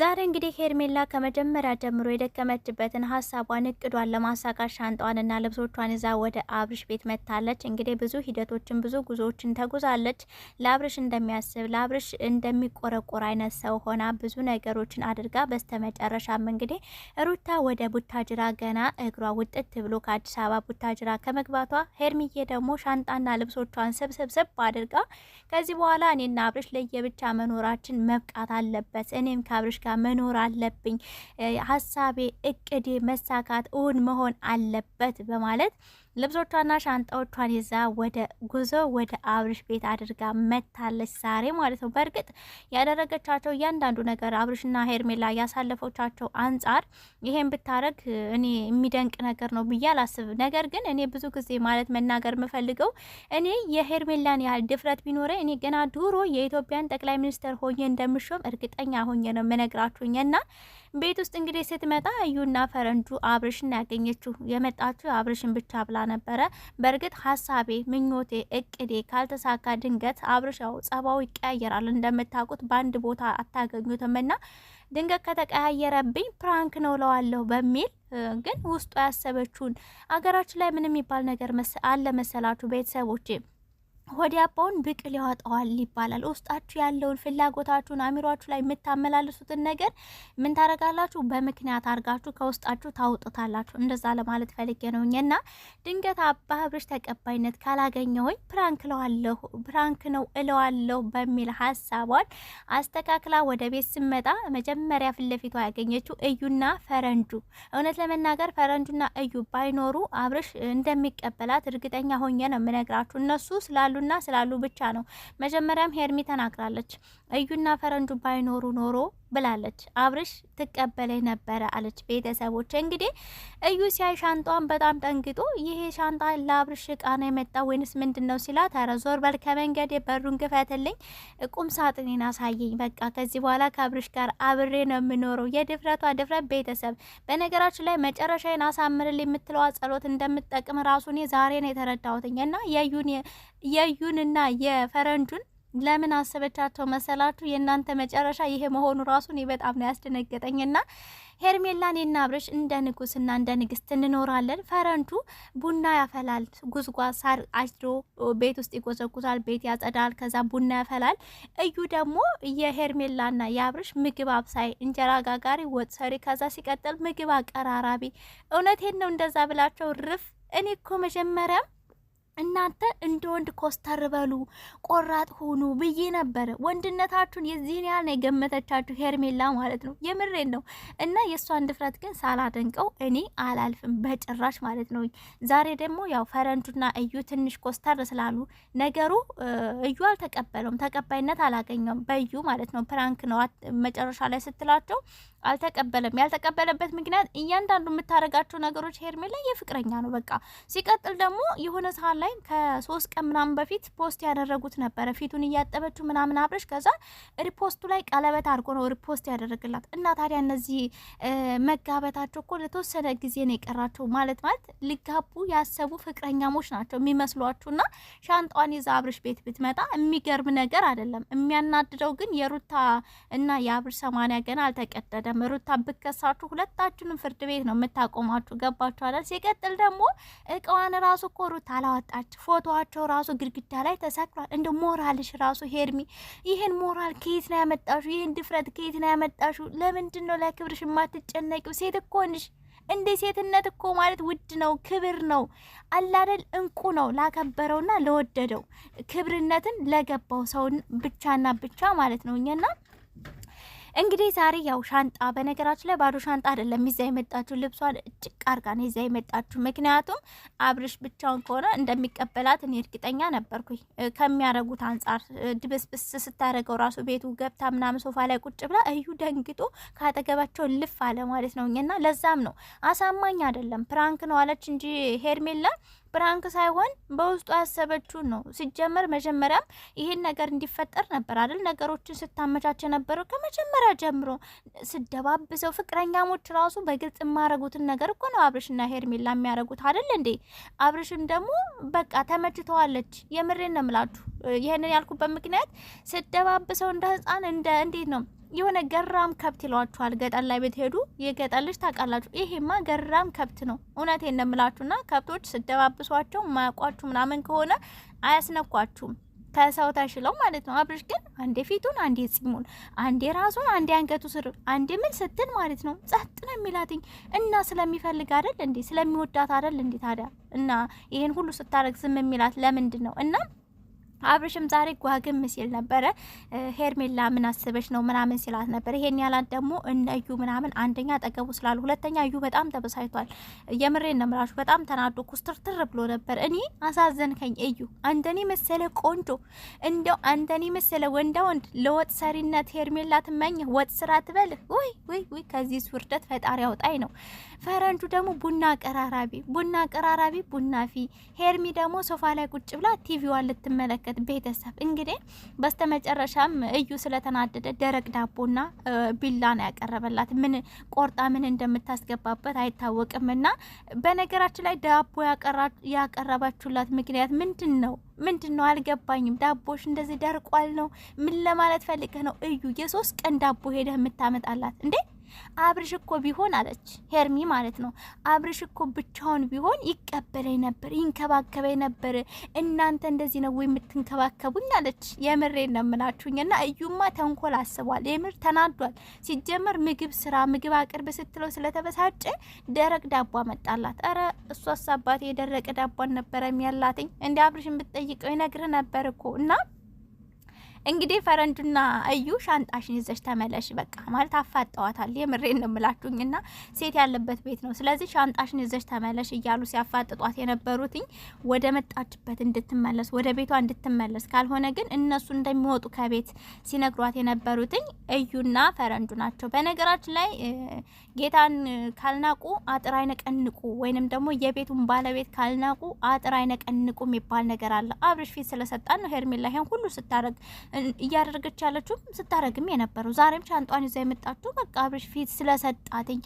ዛሬ እንግዲህ ሄርሜላ ከመጀመሪያ ጀምሮ የደከመችበትን ሀሳቧን እቅዷን ለማሳካት ሻንጣዋንና ልብሶቿን ይዛ ወደ አብርሽ ቤት መታለች። እንግዲህ ብዙ ሂደቶችን ብዙ ጉዞዎችን ተጉዛለች። ለአብርሽ እንደሚያስብ ለአብርሽ እንደሚቆረቆር አይነት ሰው ሆና ብዙ ነገሮችን አድርጋ በስተመጨረሻም እንግዲህ ሩታ ወደ ቡታጅራ ገና እግሯ ውጥት ብሎ ከአዲስ አበባ ቡታጅራ ከመግባቷ ሄርሚዬ ደግሞ ሻንጣና ልብሶቿን ስብስብስብ አድርጋ ከዚህ በኋላ እኔና አብርሽ ለየብቻ መኖራችን መብቃት አለበት እኔም ከአብርሽ ጋር መኖር አለብኝ፣ ሀሳቤ እቅዴ መሳካት እውን መሆን አለበት በማለት ልብሶቿና ሻንጣዎቿን ይዛ ወደ ጉዞ ወደ አብርሽ ቤት አድርጋ መታለች ዛሬ ማለት ነው። በእርግጥ ያደረገቻቸው እያንዳንዱ ነገር አብርሽና ሄርሜላ ያሳለፈቻቸው አንጻር ይሄን ብታረግ እኔ የሚደንቅ ነገር ነው ብዬ አላስብም። ነገር ግን እኔ ብዙ ጊዜ ማለት መናገር የምፈልገው እኔ የሄርሜላን ያህል ድፍረት ቢኖረ እኔ ገና ድሮ የኢትዮጵያን ጠቅላይ ሚኒስትር ሆኜ እንደምሾም እርግጠኛ ሆኜ ነው የምነግራችሁኝ እና ቤት ውስጥ እንግዲህ ስትመጣ እዩና ፈረንጁ አብርሽን ያገኘችው የመጣችው አብርሽን ብቻ ብላ ነበረ። በእርግጥ ሀሳቤ፣ ምኞቴ፣ እቅዴ ካልተሳካ ድንገት አብርሻው ጸባው ይቀያየራል እንደምታውቁት በአንድ ቦታ አታገኙትም ና ድንገት ከተቀያየረብኝ ፕራንክ ነው ለዋለሁ በሚል ግን ውስጡ ያሰበችውን አገራችን ላይ ምን የሚባል ነገር አለ መሰላችሁ ቤተሰቦቼ ሆዲያባውን ብቅል ያወጣዋል ይባላል። ውስጣችሁ ያለውን ፍላጎታችሁን አሚሯችሁ ላይ የምታመላልሱትን ነገር ምን ታደርጋላችሁ? በምክንያት አድርጋችሁ ከውስጣችሁ ታውጡታላችሁ። እንደዛ ለማለት ፈልጌ ነው። እና ድንገት አባ ተቀባይነት ካላገኘሁኝ ፕራንክ ለዋለሁ ፕራንክ ነው እለዋለሁ በሚል ሀሳቧን አስተካክላ ወደ ቤት ስመጣ መጀመሪያ ፊት ለፊቷ ያገኘችው እዩና ፈረንጁ። እውነት ለመናገር ፈረንጁና እዩ ባይኖሩ አብርሽ እንደሚቀበላት እርግጠኛ ሆኜ ነው የምነግራችሁ እነሱ ስላሉ ስላሉና ስላሉ ብቻ ነው። መጀመሪያም ሄርሚ ተናግራለች። እዩና ፈረንጁ ባይኖሩ ኖሮ ብላለች። አብርሽ ትቀበለኝ ነበረ አለች። ቤተሰቦች እንግዲህ እዩ ሲያይ ሻንጣዋን በጣም ጠንግጦ ይሄ ሻንጣ ለአብርሽ እቃ ነው የመጣ ወይንስ ምንድን ነው ሲላት፣ ኧረ ዞር በል ከመንገድ በሩን ክፈትልኝ፣ ቁም ሳጥኔን አሳየኝ፣ በቃ ከዚህ በኋላ ከአብርሽ ጋር አብሬ ነው የምኖረው። የድፍረቷ ድፍረት ቤተሰብ። በነገራችን ላይ መጨረሻዬን አሳምርልኝ የምትለዋ ጸሎት እንደምትጠቅም ራሱን ዛሬ ነው የተረዳሁትኝ እና የዩንና የፈረንጁን ለምን አሰበቻቸው መሰላችሁ? የእናንተ መጨረሻ ይሄ መሆኑ ራሱ እኔ በጣም ነው ያስደነገጠኝና ሄርሜላን እና አብርሽ እንደ ንጉስና እንደ ንግስት እንኖራለን። ፈረንቱ ቡና ያፈላል፣ ጉዝጓዝ ሳር አጭዶ ቤት ውስጥ ይጎዘጉዛል፣ ቤት ያጸዳል፣ ከዛ ቡና ያፈላል። እዩ ደግሞ የሄርሜላና የአብርሽ ምግብ አብሳይ፣ እንጀራ ጋጋሪ፣ ወጥ ሰሪ፣ ከዛ ሲቀጥል ምግብ አቀራራቢ። እውነቴን ነው እንደዛ ብላቸው ርፍ። እኔ እኮ መጀመሪያም እናንተ እንደ ወንድ ኮስተር በሉ፣ ቆራጥ ሆኑ ብዬ ነበረ። ወንድነታችሁን የዚህን ያህል ነው የገመተቻችሁ ሄርሜላ ማለት ነው። የምሬን ነው። እና የእሷን ድፍረት ግን ሳላደንቀው እኔ አላልፍም በጭራሽ ማለት ነው። ዛሬ ደግሞ ያው ፈረንጁና እዩ ትንሽ ኮስተር ስላሉ ነገሩ እዩ አልተቀበለውም፣ ተቀባይነት አላገኘውም በዩ ማለት ነው። ፕራንክ ነው መጨረሻ ላይ ስትላቸው አልተቀበለም። ያልተቀበለበት ምክንያት እያንዳንዱ የምታደርጋቸው ነገሮች ሄርሜላ የፍቅረኛ ነው በቃ። ሲቀጥል ደግሞ የሆነ ሳን ላይ ከሶስት ቀን ምናምን በፊት ፖስት ያደረጉት ነበረ ፊቱን እያጠበችው ምናምን አብረሽ፣ ከዛ ሪፖስቱ ላይ ቀለበት አድርጎ ነው ሪፖስት ያደረግላት እና ታዲያ እነዚህ መጋበታቸው እኮ ለተወሰነ ጊዜ ነው የቀራቸው ማለት ማለት ሊጋቡ ያሰቡ ፍቅረኛሞች ናቸው የሚመስሏችሁና ሻንጣዋን ይዛ አብርሽ ቤት ብትመጣ የሚገርም ነገር አይደለም። የሚያናድደው ግን የሩታ እና የአብርሽ ሰማንያ ገና አልተቀደደም። አይቀርም። ሩታ ብከሳችሁ ሁለታችሁንም ፍርድ ቤት ነው የምታቆማችሁ። ገባችኋል? ሲቀጥል ደግሞ እቃዋን ራሱ እኮ ሩታ አላወጣች። ፎቶዋቸው ራሱ ግድግዳ ላይ ተሰቅሏል። እንደ ሞራልሽ ራሱ ሄርሚ፣ ይህን ሞራል ከየት ነው ያመጣሹ? ይህን ድፍረት ከየት ነው ያመጣሹ? ለምንድን ነው ለክብርሽ የማትጨነቂው? ሴት እኮ ነሽ። እንደ ሴትነት እኮ ማለት ውድ ነው፣ ክብር ነው አላደል፣ እንቁ ነው ላከበረውና ለወደደው ክብርነትን ለገባው ሰው ብቻና ብቻ ማለት ነው እኛና እንግዲህ ዛሬ ያው ሻንጣ በነገራችን ላይ ባዶ ሻንጣ አይደለም ይዛ የመጣችሁ ልብሷን እጭቅ አርጋ ነው ይዛ የመጣችሁ። ምክንያቱም አብርሽ ብቻውን ከሆነ እንደሚቀበላት እኔ እርግጠኛ ነበርኩ። ከሚያረጉት አንጻር ድብስብስ ስታደረገው ራሱ ቤቱ ገብታ ምናምን ሶፋ ላይ ቁጭ ብላ እዩ ደንግጦ ካጠገባቸው ልፍ አለ ማለት ነው። እና ለዛም ነው አሳማኝ አይደለም ፕራንክ ነው አለች እንጂ ሄርሜላ ፕራንክ ሳይሆን በውስጡ ያሰበችውን ነው። ሲጀመር መጀመሪያም ይህን ነገር እንዲፈጠር ነበር አይደል? ነገሮችን ስታመቻች የነበረው ከመጀመሪያ ጀምሮ ስደባብሰው፣ ፍቅረኛሞች ራሱ በግልጽ የማያረጉትን ነገር እኮ ነው አብርሽና ሄርሜላ የሚያረጉት አይደል እንዴ? አብርሽም ደግሞ በቃ ተመችተዋለች። የምሬን ነው የምላችሁ። ይህንን ያልኩበት ምክንያት ስደባብሰው እንደ ህፃን እንደ እንዴት ነው የሆነ ገራም ከብት ይሏችኋል። ገጠር ላይ ብትሄዱ የገጠር ልጅ ታውቃላችሁ። ይሄማ ገራም ከብት ነው። እውነት ነው ከብቶች ስደባብሷቸው ማያውቋችሁ ምናምን ከሆነ አያስነኳችሁም ከሰው ተሽለው ማለት ነው። አብርሽ ግን አንዴ ፊቱን፣ አንዴ ጺሙን፣ አንዴ ራሱን፣ አንዴ አንገቱ ስር፣ አንዴ ምን ስትል ማለት ነው ጸጥ ነው የሚላትኝ እና ስለሚፈልግ አደል እንዴ ስለሚወዳት አደል እንዴ ታዲያ እና ይሄን ሁሉ ስታረግ ዝም የሚላት ለምንድን ነው እና አብርሽም ዛሬ ጓግም ሲል ነበረ። ሄርሜላ ምን አስበሽ ነው ምናምን ሲላት ነበር። ይሄን ያላት ደግሞ እነዩ እዩ ምናምን አንደኛ ጠገቡ ስላሉ፣ ሁለተኛ እዩ በጣም ተበሳይቷል። የምሬን ነው የምላችሁ። በጣም ተናዶ ኩስትርትር ብሎ ነበር። እኔ አሳዘንከኝ እዩ፣ አንደኔ መሰለ ቆንጆ፣ እንደው አንደኔ መሰለ ወንዳ ወንድ ለወጥ ሰሪነት ሄርሜላ ትመኝ ወጥ ስራ ትበል። ውይ ውይ ውይ፣ ከዚህ ውርደት ፈጣሪ አውጣኝ ነው። ፈረንጁ ደግሞ ቡና አቀራራቢ ቡና አቀራራቢ ቡና ፊ ሄርሚ ደግሞ ሶፋ ላይ ቁጭ ብላ ቲቪዋን ልትመለከት በእርግጥ ቤተሰብ እንግዲህ በስተመጨረሻም እዩ ስለተናደደ ደረቅ ዳቦና ቢላ ነው ያቀረበላት። ምን ቆርጣ ምን እንደምታስገባበት አይታወቅም። እና በነገራችን ላይ ዳቦ ያቀረባችሁላት ምክንያት ምንድን ነው? ምንድን ነው አልገባኝም። ዳቦሽ እንደዚህ ደርቋል ነው ምን ለማለት ፈልገህ ነው? እዩ የሶስት ቀን ዳቦ ሄደህ የምታመጣላት እንዴ? አብርሽ እኮ ቢሆን አለች ሄርሚ ማለት ነው። አብርሽ እኮ ብቻውን ቢሆን ይቀበለኝ ነበር፣ ይንከባከበኝ ነበር። እናንተ እንደዚህ ነው የምትንከባከቡኝ አለች። የምሬ ነው የምላችሁኝ። እና እዩማ ተንኮል አስቧል። የምር ተናዷል። ሲጀመር ምግብ ስራ ምግብ አቅርብ ስትለው ስለተበሳጨ ደረቅ ዳቦ መጣላት። ረ እሷስ አባቴ የደረቀ ዳቦን ነበረ የሚያላትኝ። እንዲ አብርሽ የምትጠይቀው ይነግር ነበር እኮ እና እንግዲህ ፈረንጁና እዩ ሻንጣሽን ይዘሽ ተመለሽ በቃ ማለት አፋጠዋታል። የምሬን ነው የምላችሁኝና ሴት ያለበት ቤት ነው። ስለዚህ ሻንጣሽን ይዘሽ ተመለሽ እያሉ ሲያፋጥጧት የነበሩትኝ ወደ መጣችበት እንድትመለስ ወደ ቤቷ እንድትመለስ ካልሆነ ግን እነሱ እንደሚወጡ ከቤት ሲነግሯት የነበሩትኝ እዩና ፈረንጁ ናቸው። በነገራችን ላይ ጌታን ካልናቁ አጥር አይነቀንቁ ወይንም ደግሞ የቤቱን ባለቤት ካልናቁ አጥር አይነቀንቁ የሚባል ነገር አለ። አብርሽ ፊት ስለሰጣን ነው ሄርሜላ ይሄን ሁሉ ስታደረግ እያደረገች ያለችው ስታረግም የነበረው ዛሬም ሻንጧን ይዛ የመጣችሁ በቃ አብርሽ ፊት ስለሰጣትኝ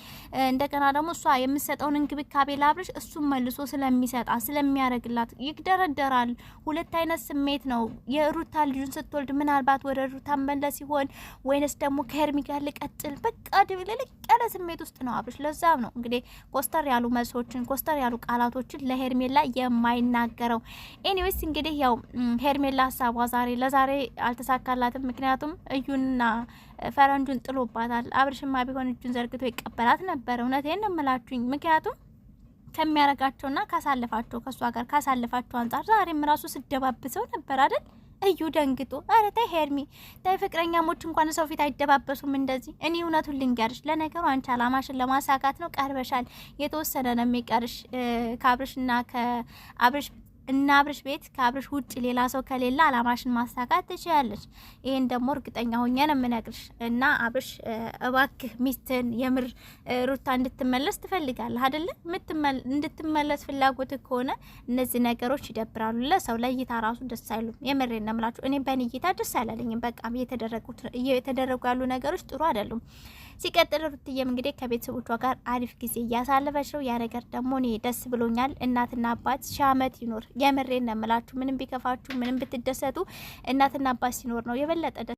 እንደገና ደግሞ እሷ የምሰጠውን እንክብካቤ ለአብርሽ እሱም መልሶ ስለሚሰጣት ስለሚያደርግላት ይደረደራል። ሁለት አይነት ስሜት ነው። የሩታ ልጁን ስትወልድ ምናልባት ወደ ሩታ መለስ ሲሆን ወይንስ ደግሞ ከሄርሚ ጋር ልቀጥል፣ በቃ ድብልልቅ ያለ ስሜት ውስጥ ነው አብርሽ። ለዛም ነው እንግዲህ ኮስተር ያሉ መልሶችን ኮስተር ያሉ ቃላቶችን ለሄርሜላ የማይናገረው። ኤኒዌይስ እንግዲህ ያው ሄርሜላ ሀሳቧ ዛሬ ለዛሬ አልተሳካላትም። ምክንያቱም እዩና ፈረንጁን ጥሎባታል። አብርሽማ ቢሆን እጁን ዘርግቶ ይቀበላት ነበር። እውነቴን የምላችሁኝ። ምክንያቱም ከሚያረጋቸውና ካሳለፋቸው ከእሷ ጋር ካሳለፋቸው አንጻር ዛሬም ራሱ ስደባብሰው ነበር አይደል? እዩ ደንግጦ ኧረ ተይ ሄርሚ ተይ፣ ሞች እንኳን ሰው ፊት አይደባበሱም እንደዚህ። እኔ እውነቱን ልንገርሽ፣ ለነገሩ አንቺ አላማሽን ለማሳካት ነው ቀርበሻል። የተወሰነ ነው የሚቀርሽ ከአብርሽና ከአብርሽ እና አብርሽ ቤት ከአብርሽ ውጭ ሌላ ሰው ከሌለ አላማሽን ማሳካት ትችያለሽ። ይሄን ደግሞ እርግጠኛ ሆኜ ነው የምነግርሽ። እና አብርሽ እባክህ ሚስትን የምር ሩታ እንድትመለስ ትፈልጋለህ አይደለ? እንድትመለስ ፍላጎት ከሆነ እነዚህ ነገሮች ይደብራሉ። ለሰው ለእይታ ራሱ ደስ አይሉም። የምሬን ነው የምላችሁ። እኔ በእኔ እይታ ደስ አይላለኝም። በቃ እየተደረጉ ያሉ ነገሮች ጥሩ አይደሉም። ሲቀጥል ሩትዬም እንግዲህ ከቤተሰቦቿ ጋር አሪፍ ጊዜ እያሳለፈች ነው። ያ ነገር ደግሞ እኔ ደስ ብሎኛል። እናትና አባት ሺህ ዓመት ይኖር። የምሬ ነው ምንም ቢከፋችሁ፣ ምንም ብትደሰቱ እናትና አባት ሲኖር ነው የበለጠ